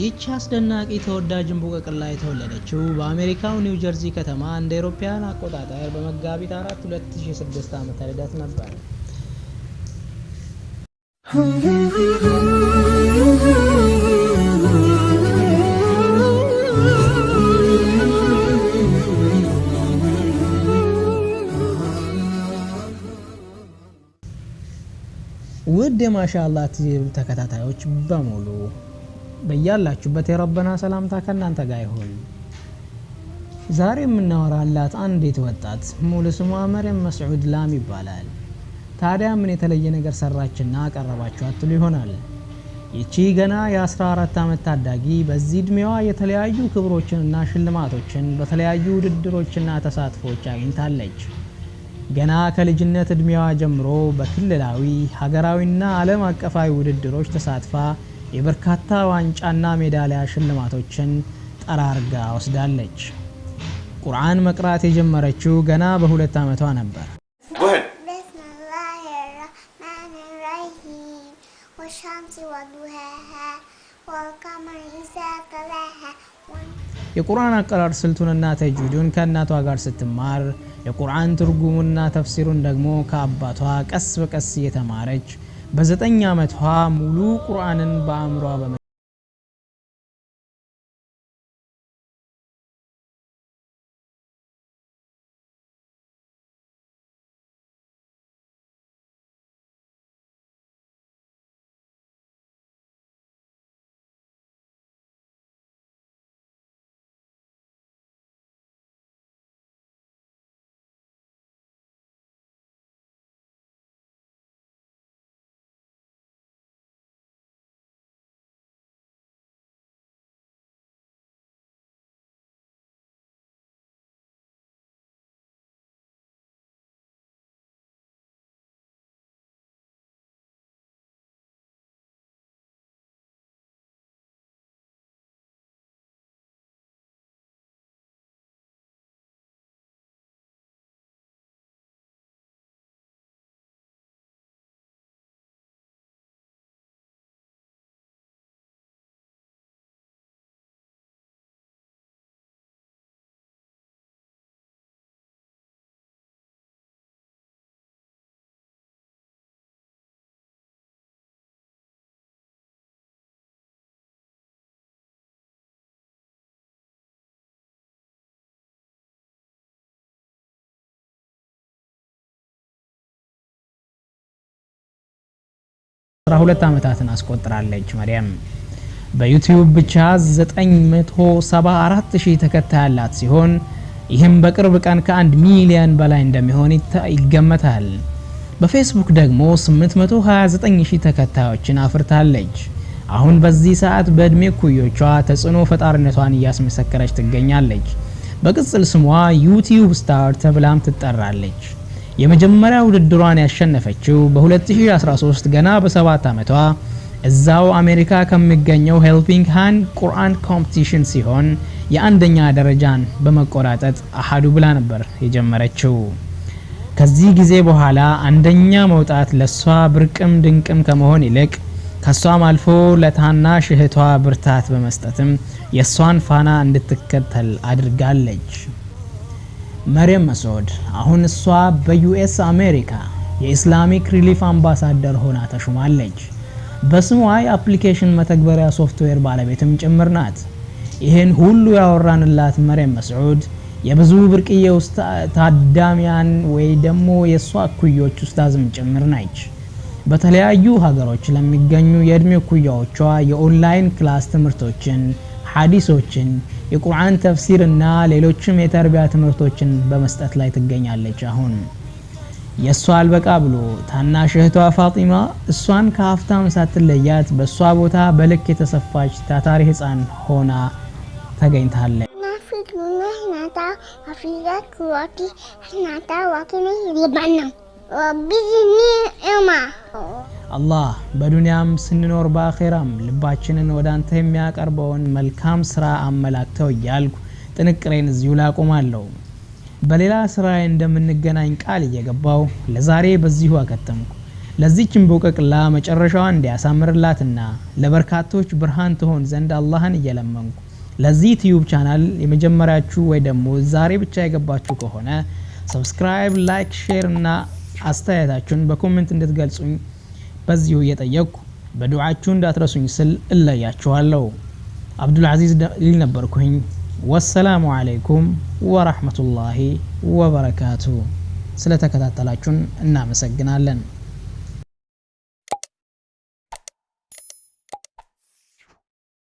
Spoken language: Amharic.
ይቺ አስደናቂ ተወዳጅ ላይ የተወለደችው በአሜሪካው ኒው ጀርዚ ከተማ እንደ ኤሮፓያን አቆጣጠር በመጋቢት 4 2006 ዓመተ ልደት ነበር። ውድ የማሻ ተከታታዮች በሙሉ በያላችሁበት የረበና ሰላምታ ከእናንተ ጋር ይሆን። ዛሬ የምናወራላት አንዲት ወጣት ሙሉ ስሟ መርየም መስዑድ ላም ይባላል። ታዲያ ምን የተለየ ነገር ሰራችና አቀረባችሁ አትሉ ይሆናል። ይቺ ገና የ14 ዓመት ታዳጊ በዚህ ዕድሜዋ የተለያዩ ክብሮችንና ሽልማቶችን በተለያዩ ውድድሮችና ተሳትፎች አግኝታለች። ገና ከልጅነት ዕድሜዋ ጀምሮ በክልላዊ ሀገራዊና ዓለም አቀፋዊ ውድድሮች ተሳትፋ የበርካታ ዋንጫና ሜዳሊያ ሽልማቶችን ጠራርጋ ወስዳለች። ቁርአን መቅራት የጀመረችው ገና በሁለት ዓመቷ ነበር። የቁርአን አቀራር ስልቱንና ተጅዊዱን ከእናቷ ጋር ስትማር የቁርአን ትርጉሙና ተፍሲሩን ደግሞ ከአባቷ ቀስ በቀስ እየተማረች በዘጠኝ ዓመቷ ሙሉ ቁርአንን በአእምሯ በመ 12 ዓመታትን አስቆጥራለች። መሪያም በዩቲዩብ ብቻ 974000 ሺህ ተከታይ ያላት ሲሆን ይህም በቅርብ ቀን ከ1 ሚሊዮን በላይ እንደሚሆን ይገመታል። በፌስቡክ ደግሞ 829 ሺህ ተከታዮችን አፍርታለች። አሁን በዚህ ሰዓት በእድሜ ኩዮቿ ተጽዕኖ ፈጣሪነቷን እያስመሰከረች ትገኛለች። በቅጽል ስሟ ዩቲዩብ ስታር ተብላም ትጠራለች። የመጀመሪያ ውድድሯን ያሸነፈችው በ2013 ገና በሰባት ዓመቷ እዛው አሜሪካ ከሚገኘው ሄልፒንግ ሃንድ ቁርአን ኮምፒቲሽን ሲሆን የአንደኛ ደረጃን በመቆራጠጥ አሃዱ ብላ ነበር የጀመረችው። ከዚህ ጊዜ በኋላ አንደኛ መውጣት ለሷ ብርቅም ድንቅም ከመሆን ይልቅ ከሷም አልፎ ለታናሽ እህቷ ብርታት በመስጠትም የሷን ፋና እንድትከተል አድርጋለች። መርየም መስዑድ አሁን እሷ በዩኤስ አሜሪካ የኢስላሚክ ሪሊፍ አምባሳደር ሆና ተሹማለች። በስሟ የአፕሊኬሽን መተግበሪያ ሶፍትዌር ባለቤትም ጭምር ናት። ይህን ሁሉ ያወራንላት መርየም መስዑድ የብዙ ብርቅዬ ውስጥ ታዳሚያን ወይ ደግሞ የእሷ እኩዮች ኡስታዝም ጭምር ናች። በተለያዩ ሀገሮች ለሚገኙ የእድሜ እኩያዎቿ የኦንላይን ክላስ ትምህርቶችን፣ ሀዲሶችን የቁርአን ተፍሲር እና ሌሎችም የተርቢያ ትምህርቶችን በመስጠት ላይ ትገኛለች። አሁን የእሷ አልበቃ ብሎ ታናሽ እህቷ ፋጢማ እሷን ከሀፍታም ሳትለያት በእሷ ቦታ በልክ የተሰፋች ታታሪ ህፃን ሆና ተገኝታለች። ናፊድ አላህ በዱንያም ስንኖር በአኼራም ልባችንን ወደ አንተ የሚያቀርበውን መልካም ስራ አመላክተው እያልኩ ጥንቅሬን እዚሁ ላቆማለሁ። በሌላ ስራ እንደምንገናኝ ቃል እየገባው ለዛሬ በዚሁ አከተምኩ። ለዚችን ቦቀቅላ መጨረሻዋ እንዲያሳምርላትና ለበርካቶች ብርሃን ትሆን ዘንድ አላህን እየለመንኩ ለዚህ ትዩብ ቻናል የመጀመሪያችሁ ወይ ደግሞ ዛሬ ብቻ የገባችሁ ከሆነ ሰብስክራይብ፣ ላይክ፣ ሼር እና አስተያየታችሁን በኮሜንት እንድትገልጹኝ በዚሁ እየጠየቅኩ በዱዓችሁ እንዳትረሱኝ ስል እለያችኋለሁ። አብዱልዓዚዝ ዲል ነበርኩኝ። ወሰላሙ አለይኩም ወራህመቱላሂ ወበረካቱ። ስለተከታተላችሁን እናመሰግናለን።